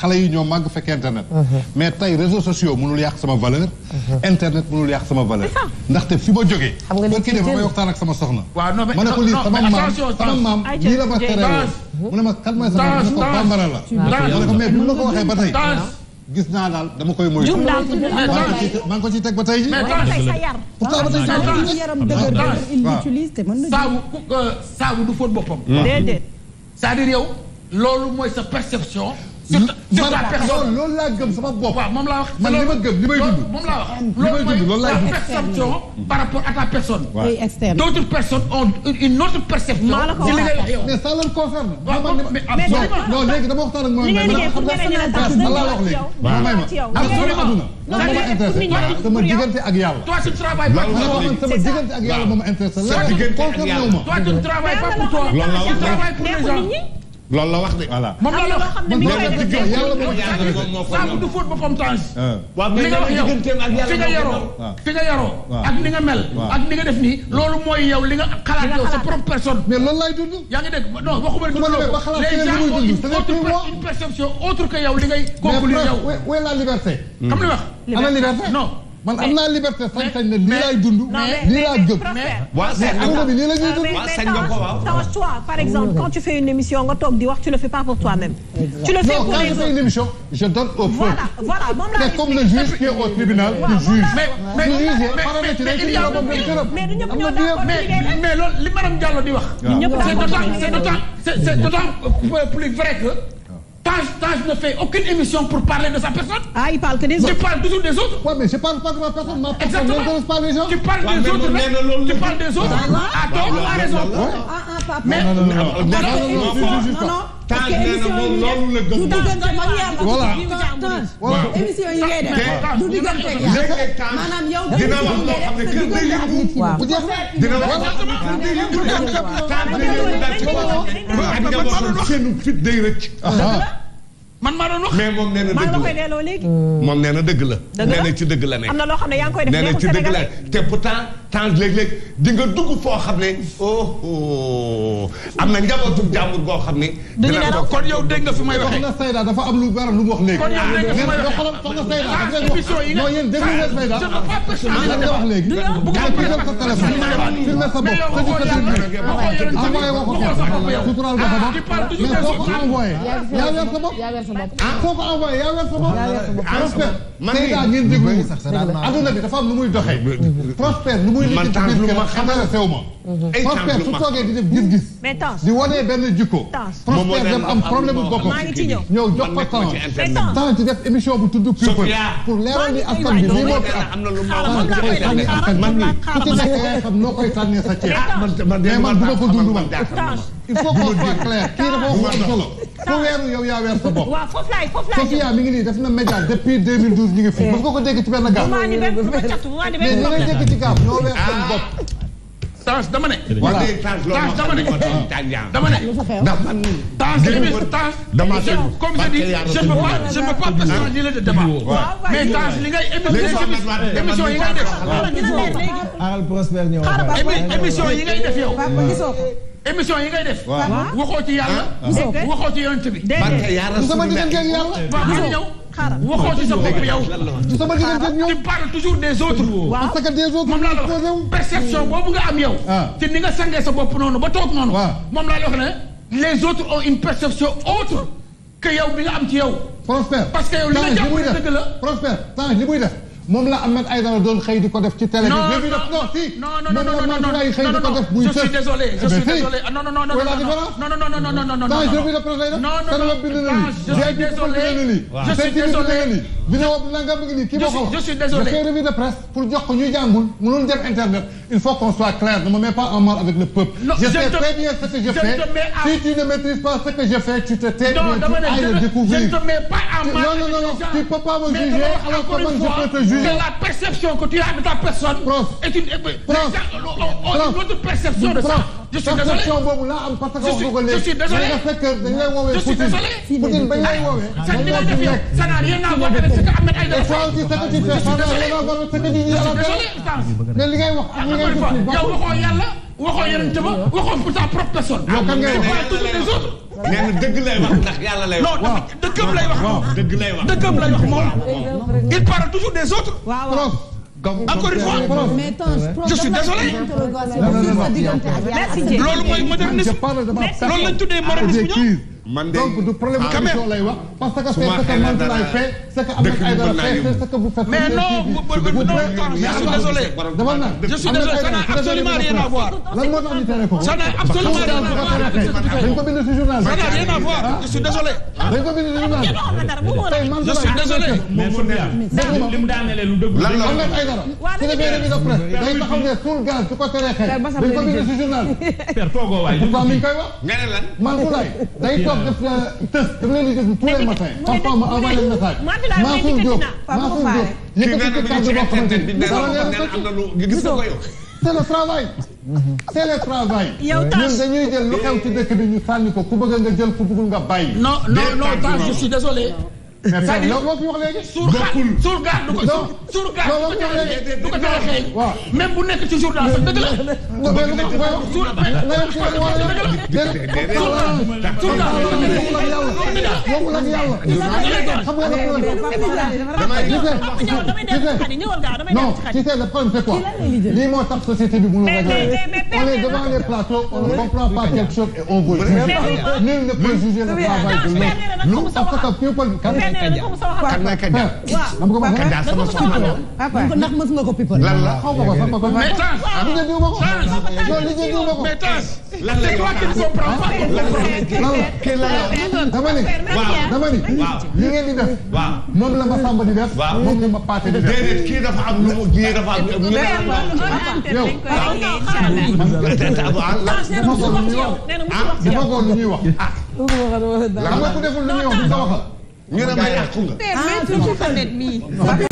xale yi ñoo màgg fekk internet uh-huh. mais tey réseaux sociaux mënul yàq sama valeur uh-huh. internet mënul yàq sama valeur ndaxte fi ma jógee bërki de ba may waxtaan ak sama soxna ma ne ko lii sama maam sama maam lii la ma teree mu ne ma kan mooy sama ma ne ko bambara la ma ne ko mais bu ma ko waxee ba tey gis naa daal dama koy moytu. jum daal maa ngi ko ciy teg ba tey. mais sa yar. pourtant ba tey sa yaram dëgër dëgër il l'utilise te mën na. saabu euh, saabu du fóot boppam. déedéet. c'est-à-dire yow loolu mooy sa perception. c'est la personne loolu laa gëm sama bopp. waaw moom laa wax man li ma gëm li may dund. moom laa wax loolu mooy loolu laa gëm perception par rapport à ta personne. waaw d'autres personnes ont une autre perception. ci li ngay wax yow mais ça leur concerne. non léegi dama waxtaan ak moom. li ngay liggéey pour ñeneen ñi la tax dama la wax léegi. waaw may ma absolument. lan moo ma intéressé sama diggante ak yàlla. toi tu travailles pas pour toi. sama diggante ak yàlla moo ma intéressé. sa diggante ak yàlla concerne wu ma. toi tu travailles pas pour toi. tu travailles pour les gens. loolu la wax de voilà. moom la wax moom la wax de yàlla moom saabu du fóot boppam tànge. Ah. waaw li nga wax yow ah. fi nga yaroo fi nga yaroo. ak ni nga mel. Ah. ak ni nga def nii. loolu mooy yow li nga xalaat yow sa propre personne. mais loolu laay dund. yaa ngi dégg non waxuma ne dundoo ko les gens ont une perception autre que yow li ngay. conclure yow mais la liberté. xam nga li wax. ana liberté non. man am naa liberté sañ-sañ ne lii laay dund. lii laa gëm waa sañ nga bi lii la ñuy dund. waa sañ nga ko waaw ton choix par exemple quand tu fais une émission nga toog di wax tu le fais pas pour toi-même. tu le fais pour les autres non quand je fais une émission je donne au peuple. voilà voilà moom laa c'est comme le juge qui est au tribunal qui juge. mais mais mais mais loolu li madame Diallo di wax. c'est d'autant c'est d'autant c'est d'autant plus vrai que. Taj, Taj ne fait aucune émission pour parler de sa personne. Ah, il parle que des autres. Tu parles toujours des autres. Ouais, mais je parle pas de ma personne. Ma personne n'intéresse pas les gens. Tu parles des autres. Tu parles des autres. À tort ou à raison. Ah, ah, papa. Mais non, non, non. Non, non. Taj nee na moom loolu la gëm. voilà. voilà. émission yi ngay def. du diggante ak yàlla. maanaam yow dina wax loo xam ne kër day yëngu. waaw dina wax loo xam ne kër day yëngu. Taj day yëngu daal ci boppam. ak nga wax seen fit day rëcc. man maa doon wax mais moom nee na dëgg la maa la koy delloo léegi. moom nee na dëgg la. dëgg la nee na ci dëgg la ne. am na loo xam ne yaa ngi koy def nee na ci dëgg la te pourtant temps léeg-léeg di nga dugg foo xam ne oh am na njabootu jàmbur boo xam ne. dina ko kon yow dégg nga fi may waxee. soxna Seyda dafa am lu baram lu mu wax léegi. kon yow dégg nga fi may waxee soxna Seyda dafa wax non yéen déglu leen Seyda. lan nga wax léegi. bu ko firndeel sa téléphone. firndeel sa bopp envoyé woo ko ko suturaal nga sa bopp mais soo ko envoyé. yaa weer sa bopp yaa weer sa bopp. soo ko envoyé yaa weer sa bopp. Prospère Seyda ngeen déglu aduna bi dafa am lu muy doxee Prospère man temps lu ma xam ne sew ma. ay temps lu ma su toogee di def gis-gis. mais temps di wane benn jikko. temps dem am problème bu boppam. maa ngi ci ñëw ñëw jox ko temps. mais temps ci def émission bu tudd. People pour leeral ni askan bi lii moo fi am. xaaral man koy tànn askan bi ku ci nekk yaay xam noo koy tànnee sa ceeb. mais man du ma ko dund man. il faut qu'on soit clair kii dafa wax solo. ku weeru yow yaa weer sa bopp. waaw foofu laay foofu laay Sofia mi ngi nii def na média depuis 2012 ñu ngi fi. Eh. mos nga ko dégg ci benn gaaf. mais ñu ngi dégg ci gaaf ñoo weer seen ah. bopp. Tange dama ne. voilà Tange dama ne. dama ne. Tange limite Tange. dama seetlu comme je dis je ne peux pas je ne peux pas personnaliser le débat. mais Tange li ngay émission yi ngay def. émission yi ngay def yow. émission yi ngay def. waaw waxoo ci yàlla. Ah, ah. waxoo ci yonent bi. déedéet sama digganteeg yàlla. waaw maa ngi ñëw. waxoo ci sa bopp yow. sama digganteeg ñoom. tu parles toujours des autres. waaw parce que des autres. moom laa la wax perception boobu nga am yow. Ah. te ni nga sangee sa bopp noonu ba toog noonu. moom laa la wax ne les autres ont une perception autre que yow bi nga am ci yow. prospère parce que yow li nga jàpp dëgg la prospère li muy def. moom la Ahmed Aïdara doon xëy di ko def ci télé bi. non non non non non non non non non non non non non non je suis désolé je suis désolé non non non non non non non non non non non vidéo bi nangam mi ngi nii kii ma ko wax je suis désolé dafay revue de presse pour jox ko ñuy jàngul mënul dem internet il faut qu'on soit clair ne me mets pas en mal avec le peuple. non je, je sais te, très bien ce que je, je fais à... si tu ne maîtrises pas ce que je fais tu te tais. non dama ne je ne je ne te mets pas en mal. non non non tu peux pas me juger alors que man je peux te juger. c'est la perception que tu as de ta personne. prof prof est une autre perception de ça. je suis désolé question boobu laa am parce que wax nga ko léegi. je suis désolé nga fekk dañ lay woowee Poutine. Poutine bañ lay woowee. dañ lay def yow ça n'a rien à voir avec ce que Ahmed Aïdara. je suis désolé mais li ngay wax ak li ngay def yow waxoo yàlla waxoo yeneen tëba waxoo pour sa propre personne. yow kan ngay wax tous les autres. nee na dëgg lay wax ndax yàlla lay wax. non dëggam lay wax. dëgg lay wax dëggam lay wax moom. il parle toujours des autres. encore une fois je suis désolé. loolu mooy modernisme loolu lañ tuddee ah, modernisme ñoom. man de donc du problème lay wax. parce que c'est ce que Mansour fait c'est que Ahmed Aïdara fait c'est ce que vous faites. mais non non je suis désolé. dama naan je suis désolé ça n'a absolument rien à voir. lan moo tax ñu tere ko. ça n'a absolument rien à voir. dañ ko bind ci journal. ça n'a rien à voir ah. je suis désolé. je suis désolé. mais li mu daanelee lu dëgg. lan la wax nga ay dara. waaw dañuy def su dee gaz bi ko c'est le travail. c'est le travail. yow e Tange ñun dañuy jël sànni ko ku bëgg nga jël ku bëggul nga bàyyi. non non non Tange désolé. mais Fatou loolu moo fi wax léegi. bokkul suur gaal du ko suur gaal du ko tere xeeñ même bu nekk ci journal sax dëgg la. nga bëgg nga wax suur gaal du ko tere xeeñ. suur gaal du ko tere xeeñ. moom la yàlla. xam nga la non tu sais le problème c'est quoi. lii moo tax société bi mënul réglé. on est devant les plateaux on ne comprend pas quelque chose et on veut juger. nul ne peut juger le travail de l'autre. Kaja Karna Kaja. waaw Kaja sama soxna la. papa ndax mës nga ko pipal. lan la xaw ma ko sama ko papa. mais Tange lan la nga wax dama ni. dama ni. li ngeen di def. waaw moom la ma Samba di def. waaw moom la ma Paate di def. déedéet kii dafa am lu mu kii dafa am lu mu. yow. ah bu ma ko lu ñuy wax. ah. xam nga ku deful lu ñuy wax du ko waxal. ñu ne ma yàqu nga. ah non